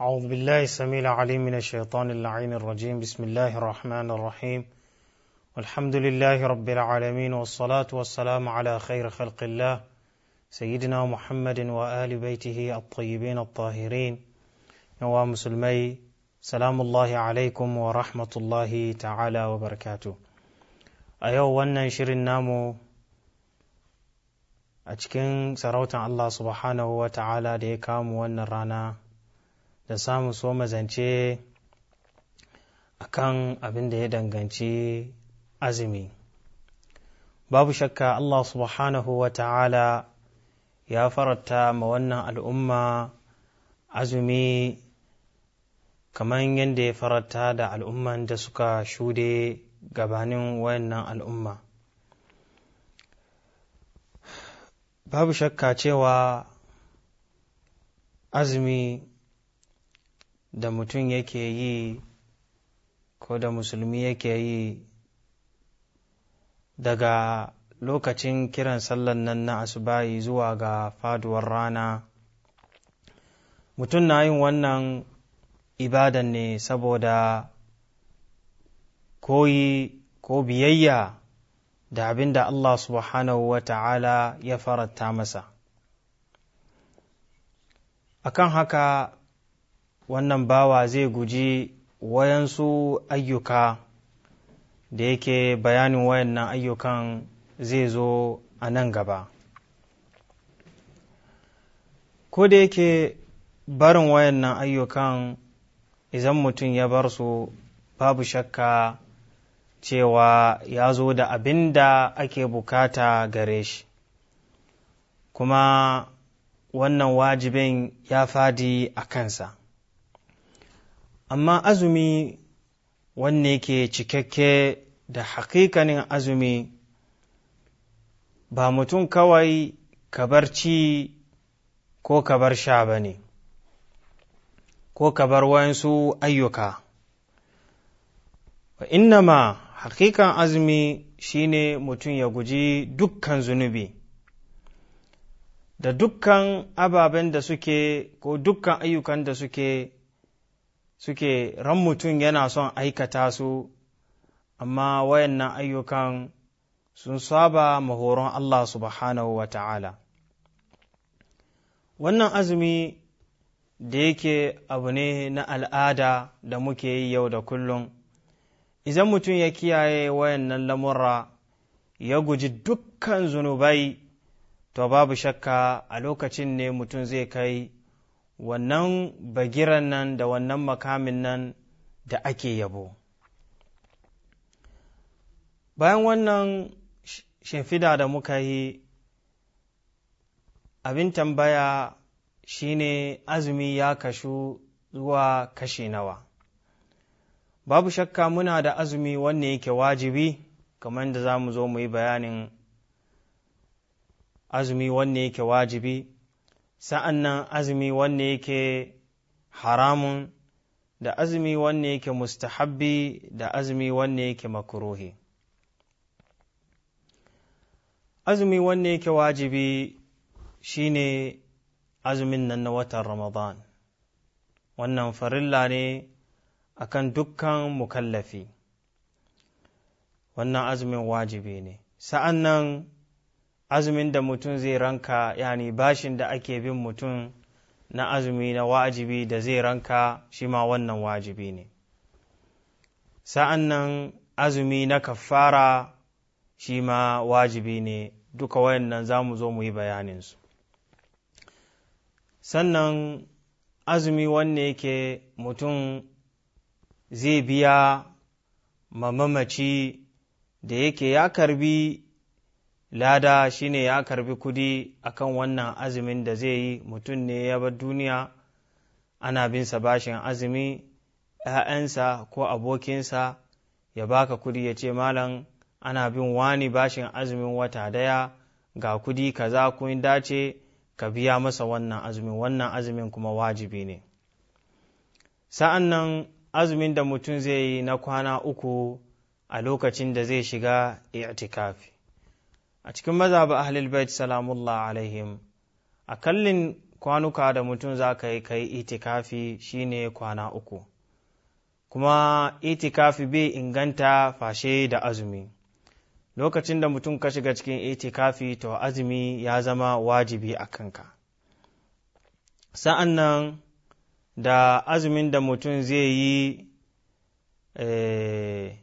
أعوذ بالله السميع العليم من الشيطان اللعين الرجيم بسم الله الرحمن الرحيم والحمد لله رب العالمين والصلاة والسلام على خير خلق الله سيدنا محمد وآل بيته الطيبين الطاهرين نوا مسلمي سلام الله عليكم ورحمة الله تعالى وبركاته أيوة وانا شرين نامو أتكين سروتا الله سبحانه وتعالى ديكام وانا رانا da samu so mazance akan kan abin da ya danganci azumi babu shakka Allah subhanahu wa ta'ala ya faranta ma wannan al'umma azumi kaman yadda ya faranta da al'umman da suka shude gabanin wannan al'umma babu shakka cewa azumi da mutum yake yi ko da musulmi yake yi daga lokacin kiran sallan nan na asubahi zuwa ga faduwar rana mutum na yin wannan ibadan ne saboda koyi ko biyayya da abin da Allah subhanahu wa ta'ala ya faranta masa akan haka wannan bawa zai guji wayansu ayyuka da yake bayanin wayannan ayyukan zai zo a nan gaba ko da yake barin wayannan ayyukan idan mutum ya bar su babu shakka cewa ya zo da abin da ake bukata gare shi kuma wannan wajibin ya fadi a kansa amma azumi wanne ke cikakke da hakikanin azumi ba mutum kawai ka bar ci ko ka bar sha ba ne ko ka bar wayansu ayyuka wa innama hakikan azumi shine mutum ya guji dukkan zunubi da dukkan ababen da suke ko dukkan ayyukan da suke suke ran mutum yana son aikata su amma wayannan ayyukan sun saba mahoron Allah subhanahu wa ta'ala wannan azumi da yake abu ne na al'ada da muke yi yau da kullum idan mutum ya kiyaye wayannan lamurra ya guji dukkan zunubai to babu shakka a lokacin ne mutum zai kai wannan bagiran nan da wannan makamin nan da ake yabo bayan wannan shimfida da muka yi abin tambaya shine azumi ya kashu zuwa kashi nawa babu shakka muna da azumi wanne yake wajibi kamar da za mu zo mu yi bayanin azumi wanne yake wajibi sa'an nan azumi wanne yake haramun da azumi wanne yake mustahabbi da azumi wanne yake makuruhi azumi wanne yake wajibi shine azumin nan na watan ramadan wannan farilla ne akan dukkan mukallafi wannan azumin wajibi ne sa'an nan azumin da mutum zai ranka yani bashin da ake bin mutum na azumi na wajibi da zai ranka shi ma wannan wajibi ne sa'an nan azumi na kafara shi ma wajibi ne duka wayannan za mu zo mu yi bayaninsu sannan azumi wanne yake mutum zai biya mamamaci da yake ya karbi lada shine ya karbi kudi akan wannan azumin da zai yi mutum ne ya bar duniya ana bin sa bashin azumi ‘ya'yansa ko abokinsa ya baka kudi ya ce malam ana bin wani bashin azumin wata daya ga kudi kaza kun dace ka biya masa wannan azumin wannan azumin kuma wajibi ne sa'an nan azumin da mutum zai yi na kwana uku a lokacin da zai shiga i'tikafi a cikin mazhaba ahlul bait salamullah alaihim a kallin kwanuka da mutum za ka yi kai itikafi shine kwana uku kuma itikafi bai inganta fashe da azumi lokacin da mutum ka shiga cikin itikafi to azumi ya zama wajibi a kanka sa'an nan da azumin da mutum zai yi eh,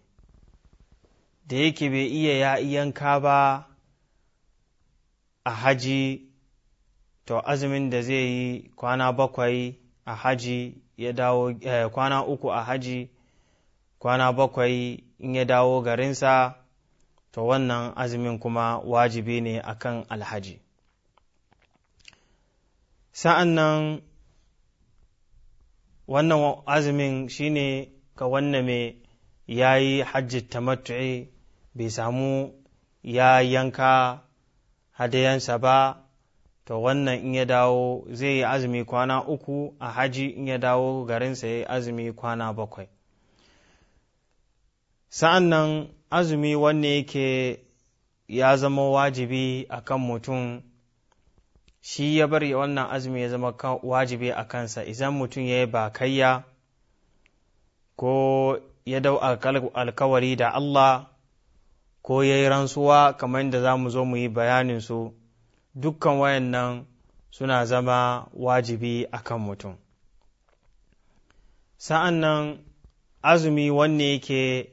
da yake bai iya ya iyanka ba a haji to azumin da zai yi kwana bakwai a haji ya dawo eh, kwana uku a haji kwana bakwai in ya dawo garinsa to wannan azumin kuma wajibi ne akan alhaji sa'an nan wannan azumin shi ne ga wannan mai ya yi hajji bai samu ya yanka hadayansa ba to wannan in ya dawo zai yi azumi kwana uku a haji in ya dawo garinsa ya yi azumi kwana bakwai sa'an nan azumi wanne yake ya zama wajibi a kan mutum shi ya bar wannan azumi ya zama wajibi a kansa idan mutum ya yi bakayya ko ya dau alkawari da Allah ko ya yi rantsuwa kamar da za mu zo mu yi bayaninsu, su dukkan wayannan suna zama wajibi a kan mutum sa'an nan azumi wanne yake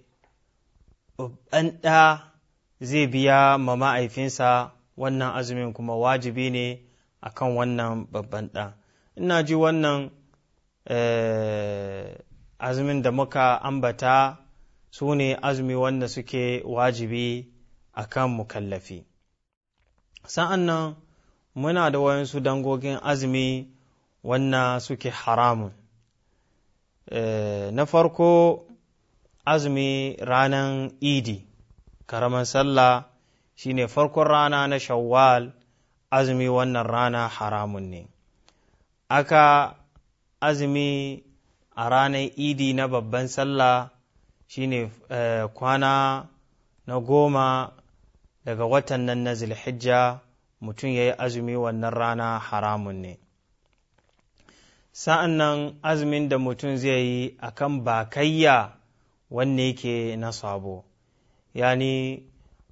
ɗa zai biya ma ma'aifinsa wannan azumin kuma wajibi ne a kan wannan babban ɗa ina ji wannan eh, azumin da muka ambata su ne azumi wanda suke wajibi a kan mukallafi sa'an nan muna da wayansu dangogin azumi wanda suke haramun eh, na farko azumi ranan idi karaman sallah shi ne farkon rana na shawwal azumi wannan rana haramun ne aka azumi a ranar idi na babban sallah shine eh, kwana na goma daga watan nan na zilhijja mutum ya yi azumi wannan rana haramun ne sa'an nan azumin da mutum zai yi a kan bakayya wanne yake na sabo yani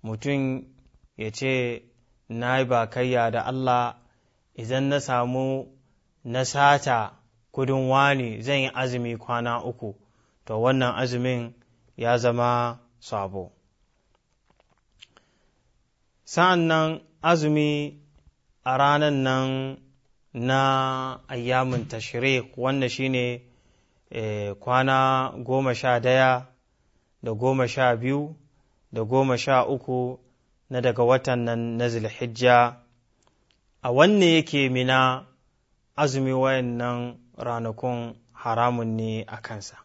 mutum ya ce na yi bakayya da Allah idan na samu na sata kudin wani zan yi azumi kwana uku to wannan azumin ya zama sabo sa'an nan azumi a ranar nan na ayyamin tashrik wanda shine eh, kwana goma sha daya da goma sha biyu da goma sha uku na daga watan nan na zilhijja a wanne yake mina azumi nan ranakun haramun ne a kansa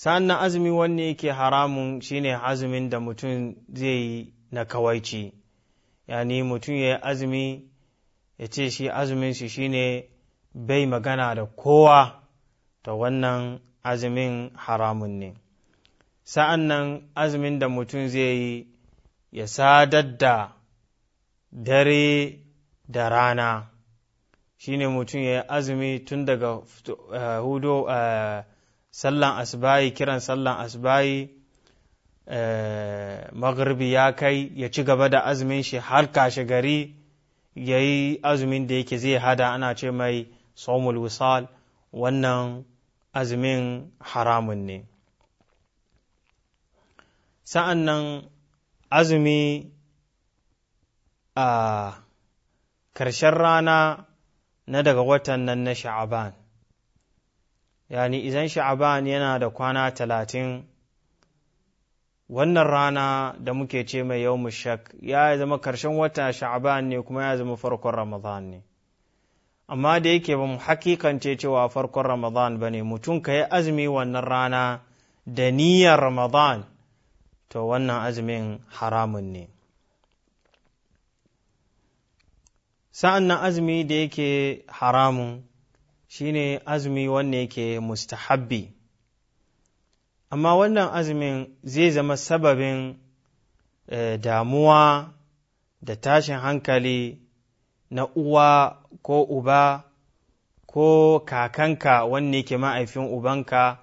sa'an azumi wanne yake haramun shine azumin da mutum zai yi na kawaici yani mutum ya yi azumi ya ce shi azumin shi shine bai magana da kowa ta wannan azumin haramun ne sa'an nan azumin da mutum zai yi ya sadar da dare da rana shine mutum ya yi azumi tun daga eh, hudo eh, sallan asbayi kiran sallan asbayi eh, Magharibi ya kai ya ci gaba da azumin shi har kashe gari ya yi azumin da yake zai hada ana ce mai somul wisal wannan azumin haramun ne sa'an nan azumi a ƙarshen rana na daga watan nan na sha'aban yani idan sha'aban yana da kwana talatin wannan rana da muke ce mai yau mushak ya zama karshen wata sha'aban ne kuma ya zama farkon ramadan ne amma da yake ba mu hakikance cewa farkon ramadan ba ne mutum ka yi azumi wannan rana da niyyar ramadan to wannan azumin haramun ne sa'an nan azumi da yake haramun shine azumi wanda yake mustahabbi amma wannan azumin zai zama sababin eh, damuwa da tashin hankali na uwa ko uba ko kakanka wanne yake ma'aifin ubanka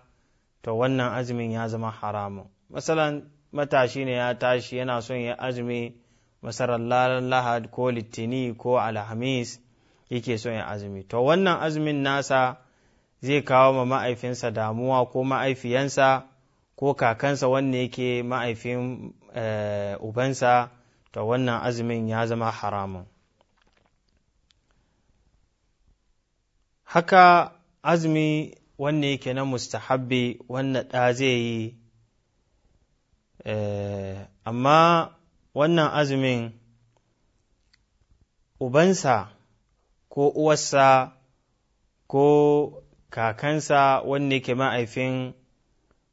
to wannan azumin ya zama haramun masalan matashi ne ya tashi yana son ya azumi masarar lahad ko litini ko alhamis yake son ya azumi to wannan azumin nasa zai kawo ma ma'aifinsa damuwa ko ma'aifiyansa ko kakansa wanne yake ma'aifin eh, ubansa to wannan azumin ya zama haramun haka azumi wanne yake na mustahabbi wannan ɗa zai yi eh, amma wannan azumin ubansa ko uwarsa ko kakansa wanne ke ma'aifin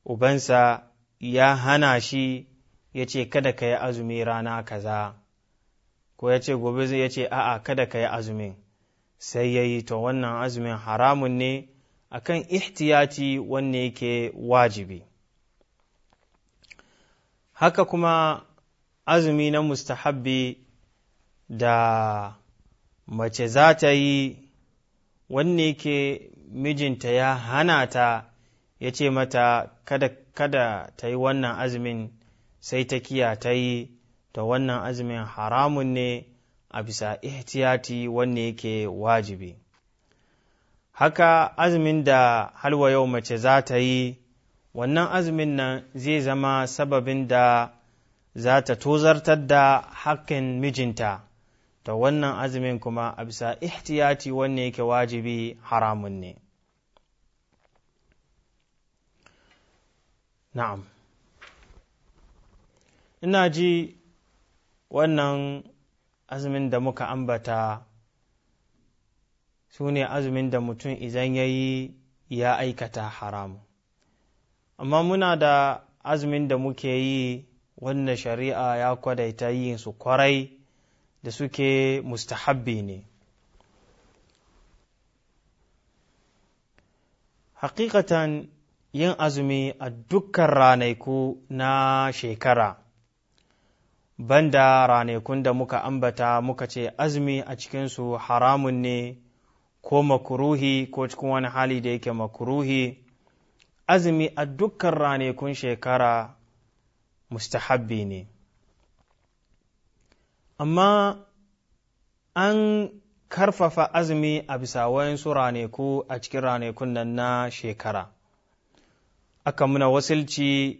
ubansa ya hana shi ya ce kada ka yi azumi rana kaza ko ya ce gobe zai ya ce a'a kada ka yi azumin sai ya yi to wannan azumin haramun ne akan ihtiyati wanne ke wajibi haka kuma azumi na mustahabbi da mace za ta yi wanne yake mijinta ya hana ta ya ce mata kada kada ta yi wannan azumin sai ta kiya ta yi ta wannan azumin haramun ne a bisa ihtiyati wanne yake wajibi haka azumin da halwa yau mace za ta yi wannan azumin nan zai zama sababin da za ta tozartar da hakkin mijinta ta wannan azumin kuma a bisa ihtiyati wanne yake wajibi haramun ne na'am ina ji wannan azumin da muka ambata su ne azumin da mutum idan ya yi ya aikata haramu amma muna da azumin da muke yi wanda shari'a ya kwadaita yin su kwarai da suke mustahabbi ne hakikatan yin azumi a dukkan ranaku na shekara banda ranakun da muka ambata muka ce azumi a cikinsu haramun ne ko makuruhi ko cikin wani hali da yake makuruhi azumi a dukkan ranakun shekara mustahabbi ne amma an karfafa azumi a bisa wayansu raneku a cikin ranekun nan na shekara aka muna wasilci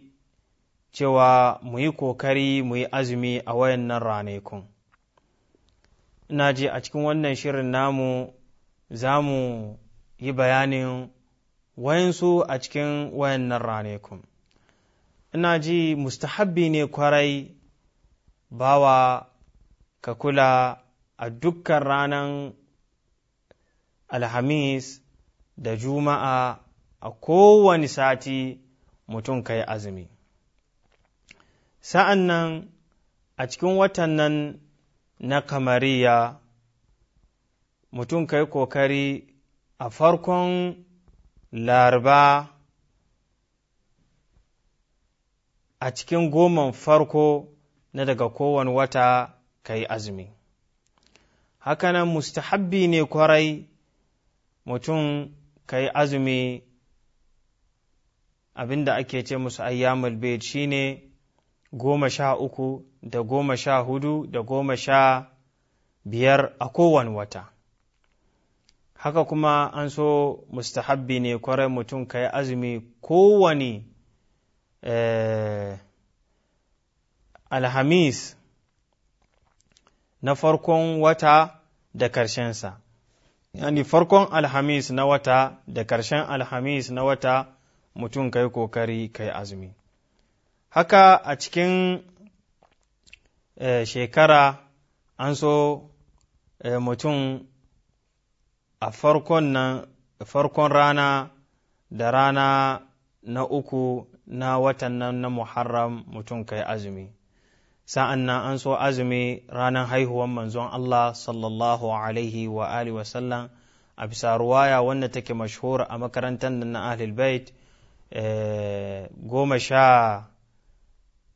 cewa mu yi kokari mu yi azumi a wayannan ranekun ina ji a cikin wannan shirin namu za mu yi bayanin wayansu a cikin wayannan ranekun ina ji mustahabbi ne kwarai bawa ka kula a dukkan ranar alhamis da juma'a a kowane sati mutum ka yi azumi sa'an nan a cikin watan nan na kamariya mutum ka yi ƙoƙari a farkon laraba a cikin goman farko na daga kowane wata ka yi azumi hakanan mustahabbi ne kwarai mutum ka yi azumi abinda ake ce musu ayyamul bayt shine goma sha uku da goma sha hudu da goma sha biyar a kowane wata haka kuma an so mustahabbi ne kwarai mutum ka yi azumi kowane eh, alhamis na farkon wata da ƙarshensa yani farkon alhamis na wata da ƙarshen alhamis na wata mutum kai kokari kai azumi haka a cikin eh, shekara an so eh, mutum a farkon nan farkon rana da rana na uku na watan nan na muharram mutum kai azumi sa'an nan an so azumi ranar haihuwar manzon Allah sallallahu alaihi wa alihi wasallam a bisa ruwaya wanda take mashhur a makarantar na ahlul bait eh, goma sha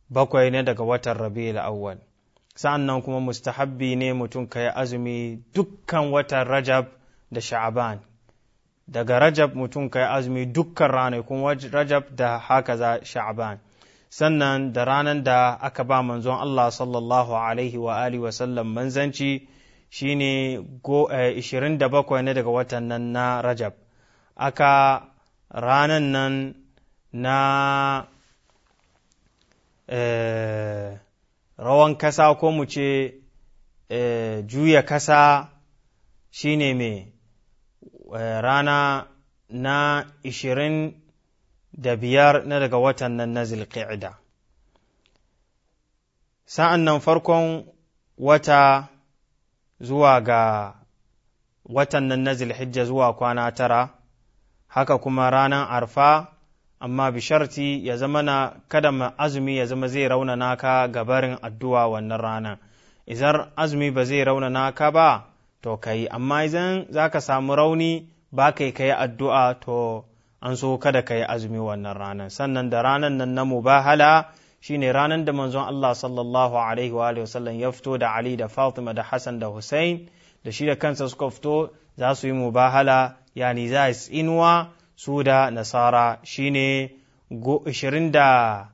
bakwai ne daga watan rabi'ul awwal sa'an nan kuma mustahabbi ne mutum ka yi azumi dukkan watan rajab da sha'aban daga rajab mutum ka yi azumi dukkan ranakun rajab da haka za sha'aban sannan da ranar da aka ba manzon Allah sallallahu alaihi wa alihi wa sallam manzanci shi ne 27 ne daga watan nan na Rajab aka ranan nan na eh, rawan kasa ko mu ce eh, juya kasa shi ne mai eh, rana na 20 da biyar na daga watan nan na zilƙi'ida sa'an nan farkon wata zuwa ga watan nan na zilhijja zuwa kwana tara haka kuma ranar arfa amma bisharti ya zama na kada azumi ya zama zai raunana ka gabarin addu'a wannan ranar Izar azumi ba zai raunana ka ba to ka yi amma izan za ka samu rauni ba kai ka yi addu'a to an so kada ka yi azumi wannan ranar sannan da ranar nan na mubahala shine ranar da manzon Allah sallallahu alaihi wa sallam ya fito da Ali da Fatima da Hassan da hussain da shi da kansa suka fito za su yi mubahala yani za su inuwa su da nasara shine 24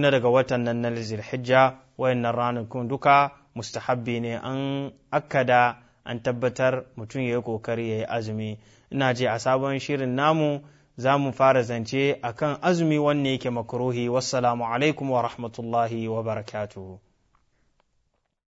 na daga watan nan na Zulhijja wayannan kun duka mustahabbi ne an akada an tabbatar mutum ya yi kokari ya yi azumi ina je a sabon shirin namu za mu fara zance akan azumi wanne yake makarohi wassalamu alaikum wa rahmatullahi wa barakatuhu